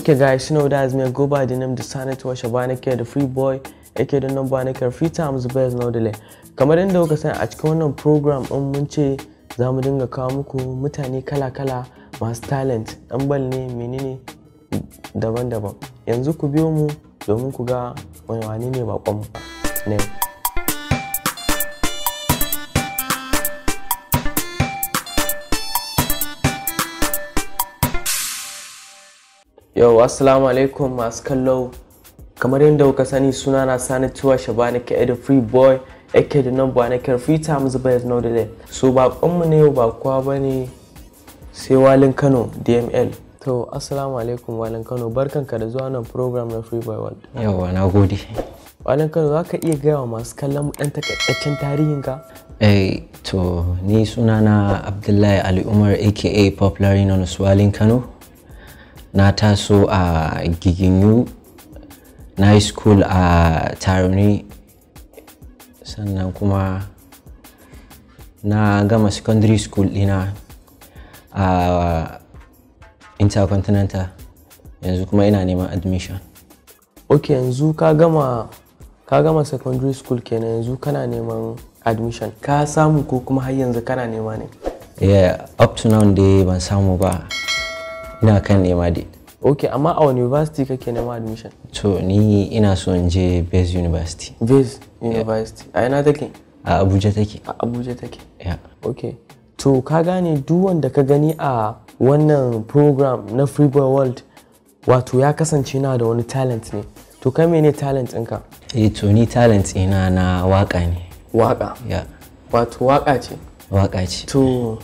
Okay guys, you know is me. I go by the name the to Washer Banaka, the free boy, aka the number Banaka, free times the best now delay. Kamar yadda kuka san a cikin wannan program din mun ce za mu dinga kawo muku mutane kala-kala masu talent, ɗan bal ne menene daban-daban. Yanzu ku biyo mu domin ku ga wani ne bakon yau assalamu alaikum masu kallo kamar yadda kuka sani suna na sani tuwa shaba nake da free boy ake da nan ba nake free time zuba is not the so bakonmu ne yau ba kowa ba ne sai walin kano dml to assalamu alaikum walin kano barkanka da zuwa nan program na free boy world yawa na gode walin kano za ka iya gaya wa masu kallon mu dan takaitaccen tarihin ka eh to ni sunana abdullahi ali umar aka popular in on walin kano na taso a giginyu na yi school a taroni sannan kuma na gama secondary school dina a intercontinental yanzu kuma ina neman admission ok yanzu ka gama ka gama secondary school kenan yanzu kana neman admission ka samu ko kuma har yanzu kana nema ne yeah up to now dai ban samu ba ina kan nema dai ok amma a wani university kake nema admission to ni ina so in je base university base university a ina take a abuja take a abuja take yeah ok to ka gane duk wanda ka gani a wannan program na freeboy world wato ya kasance na da wani talent ne to kai mene talent ɗinka? eh to ni talent ina na waka ne waka ya yeah. wato waka ce waka ce to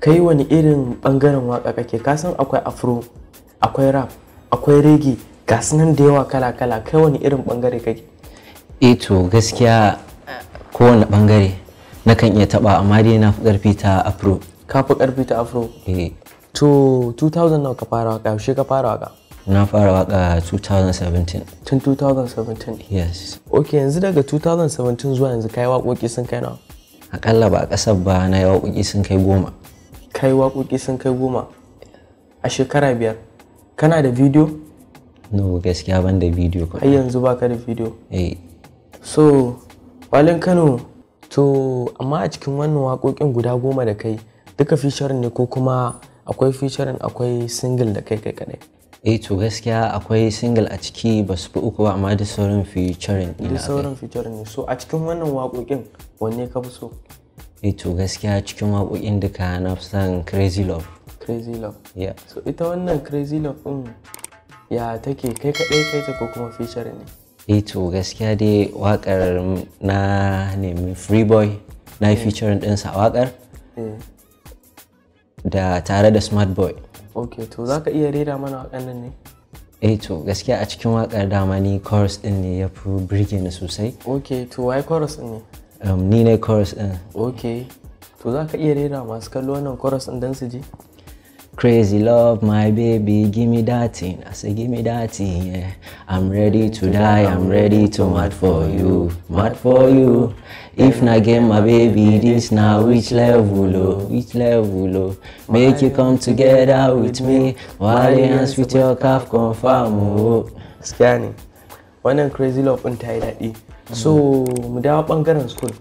kai wani irin bangaren waka kake kasan akwai afro akwai rap akwai reggae ga nan da yawa kala kala kai wani irin bangare kake eto eh to gaskiya kowane bangare na kan iya taba amma dai na fi karfi ta afro ka fi karfi ta afro eh to 2000 nawa ka fara waka yaushe ka fara waka na fara waka 2017 tun 2017 yes ok yanzu daga 2017 zuwa yanzu kai waƙoƙi sun kai nawa akalla ba ƙasar ba na yi waƙoƙi sun kai goma kai waƙoƙi sun kai goma a shekara biyar kana da bidiyo? no gaskiya ban da bidiyo kuma yanzu baka da bidiyo eh so walin kano to amma a cikin wannan waƙoƙin guda goma da kai duka featuring ne ko kuma akwai featuring akwai single da kai kai kadai eh to gaskiya akwai single a ciki ba su fi uku ba amma da sauran featuring ne da sauran featuring ne so a cikin wannan waƙoƙin wanne ka fi so eh to gaskiya cikin waƙoƙin da ka na san son crazy love crazy love yeah so ita wannan crazy love din ya take kai kaɗai kai ta ko kuma feature ne eh to gaskiya dai waƙar na nemi free boy na yi eh. featuring ɗinsa a waƙar eh. da tare da smart boy ok to za ka iya rera mana waƙannan ne eh to gaskiya a cikin waƙar dama ni chorus ɗin ne ya fi birge ni sosai ok to why chorus din ne Um, ni ne chorus din ok to za ka iya rera masu kallo wannan chorus din don su ji Crazy love, my baby, give me that thing. I say, give me that thing, yeah. I'm ready to die, I'm ready to mad for you, mad for you. If na get my baby, this na which level, o oh, which level, o oh. Make you come together with me, while you dance with your calf confirm, oh. Scanning, wannan crazy love ɗin ta yi daɗi. so mu dawo bangaren school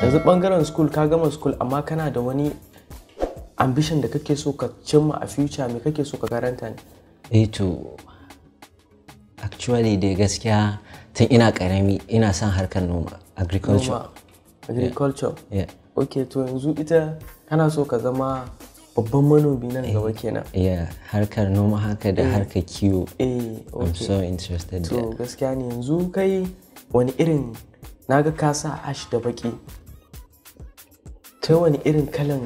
yanzu bangaren school ka gama school amma kana da wani ambition da kake so ka cimma a future me kake so ka karanta ne eh to actually dai gaskiya tun ina karami ina son harkar noma agriculture noma. agriculture eh, yeah. yeah. to yanzu ita kana so ka zama babban manomi nan gaba eh, kenan yeah harkar noma haka da eh. harkar kiwo eh okay. i'm so interested to gaskiya ne yanzu kai wani irin naga ka sa ash da baki kai wani irin kalan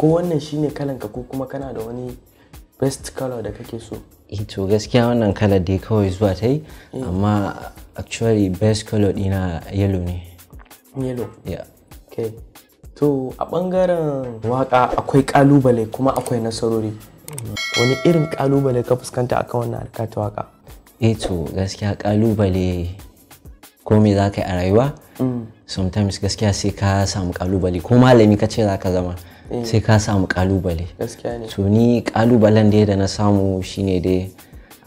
ko wannan shine kalan ka ko kuma kana da wani best color da kake so eh to gaskiya wannan kalar dai kawai zuwa ta yi eh. amma actually best color dina yellow ne yellow Ya. okay to a bangaren waka akwai kalubale kuma akwai nasarori wani irin kalubale ka fuskanta akan wannan harka ta waka ito eh to gaskiya kalubale ko me za ka yi a rayuwa sometimes gaskiya sai ka samu kalubale ko malami ka ce za ka zama eh. sai ka samu kalubale to ni kalubalen da da na samu shine dai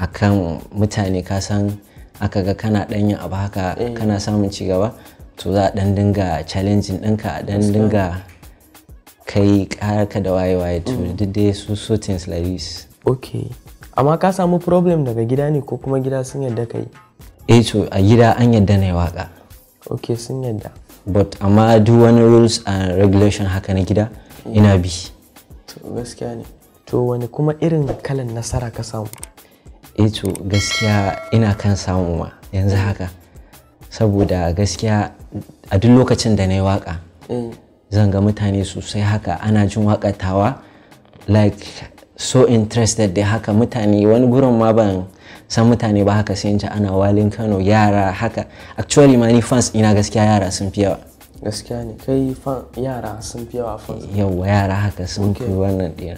akan mutane ka san aka ga kana dan yin abu haka eh. kana samun cigaba to za a dan dinga challenging ɗinka a dan dinga kai ka da waye-waye to mm. duk dai su so things like this okay amma ka samu problem daga gida ne ko kuma gida sun yadda kai eh to a gida an yadda na yi waka ok sun yadda but amma duk wani rules and regulation haka na gida ina bi to gaskiya ne to wani kuma irin kalan nasara ka samu eh to gaskiya ina kan samu ma yanzu haka saboda gaskiya a duk lokacin da na yi waka eh. zan ga mutane sosai haka ana jin wakatawa like so interested da haka mutane wani gurin ma ban san mutane ba haka sai ji ana walin kano yara haka actually ma ni fans ina gaskiya yara sun fi yawa gaskiya ne kai yara sun fi yawa fans yawa yara haka sun fi wannan ɗaya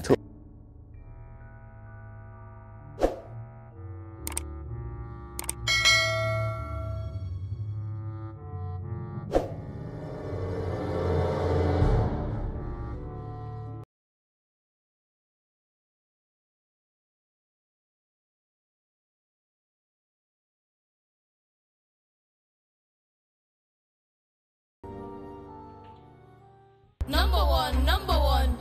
Number one, number one.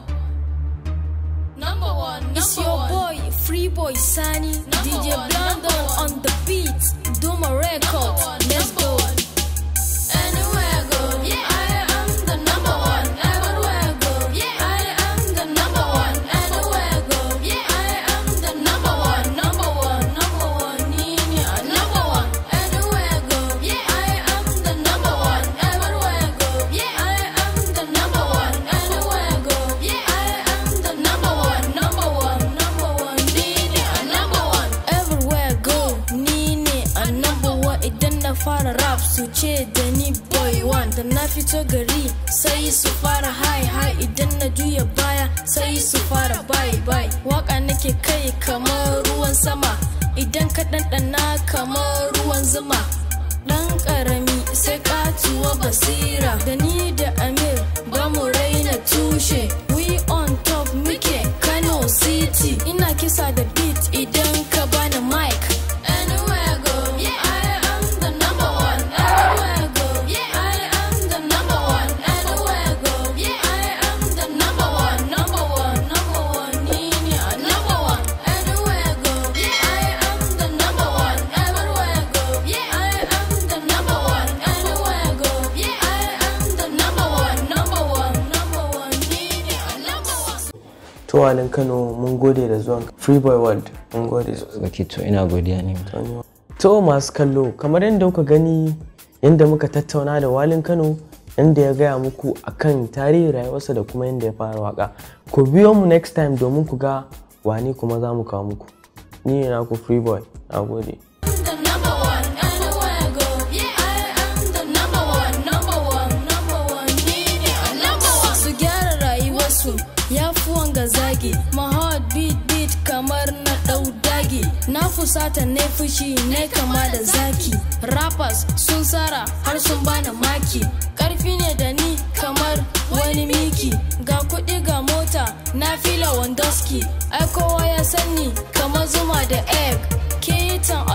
Number one, number It's your one. boy, Free Boy Sunny, number DJ Blondo on the beat, Duma Records. Let's go. fara rap su ce da ni boy one da na fito gari sai su fara hi hi idan na juya baya sai su fara bye bye waka nake kai kamar ruwan sama idan ka ɗanɗana kamar ruwan zuma ɗan ƙarami sai ƙatuwa basira da ni da ami kawanin kano mun gode da zuwan Boy world mun gode sosai to ina godiya ne to masu kallo kamar yadda kuka gani yadda muka tattauna da walin kano yadda ya gaya muku akan tarihin rayuwarsa da kuma yadda ya fara waka ku biyo mu next time domin ku ga wani kuma za mu kawo muku ni ku Free freeboy na gode ya fi wanga zagi my heart beat beat kamar na dau dagi na fusata ne fushi ne kama da zaki rappers sun sara har sun bani maki karfi ne da ni kamar wani miki ga kudi ga mota na fila wandoski ai kowa ya sani kamar zuma da egg ke yi tan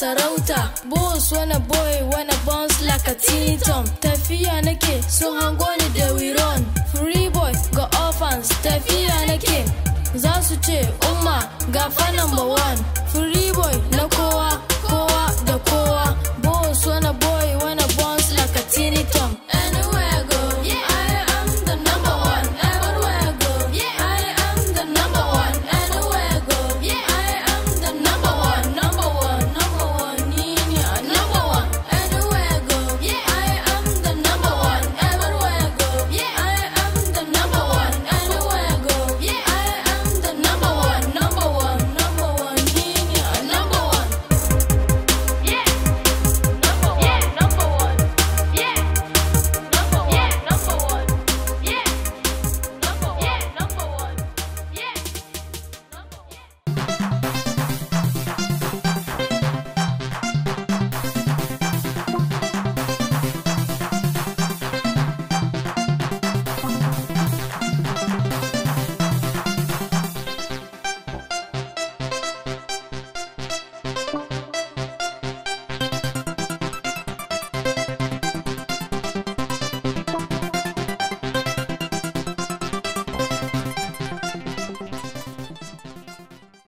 sarauta boss wanna boy wanna bounce like a teen tom tafiya nake sun hango ni da run free boy ga orphans tafiya nake za su ce umma ga fan number one free boy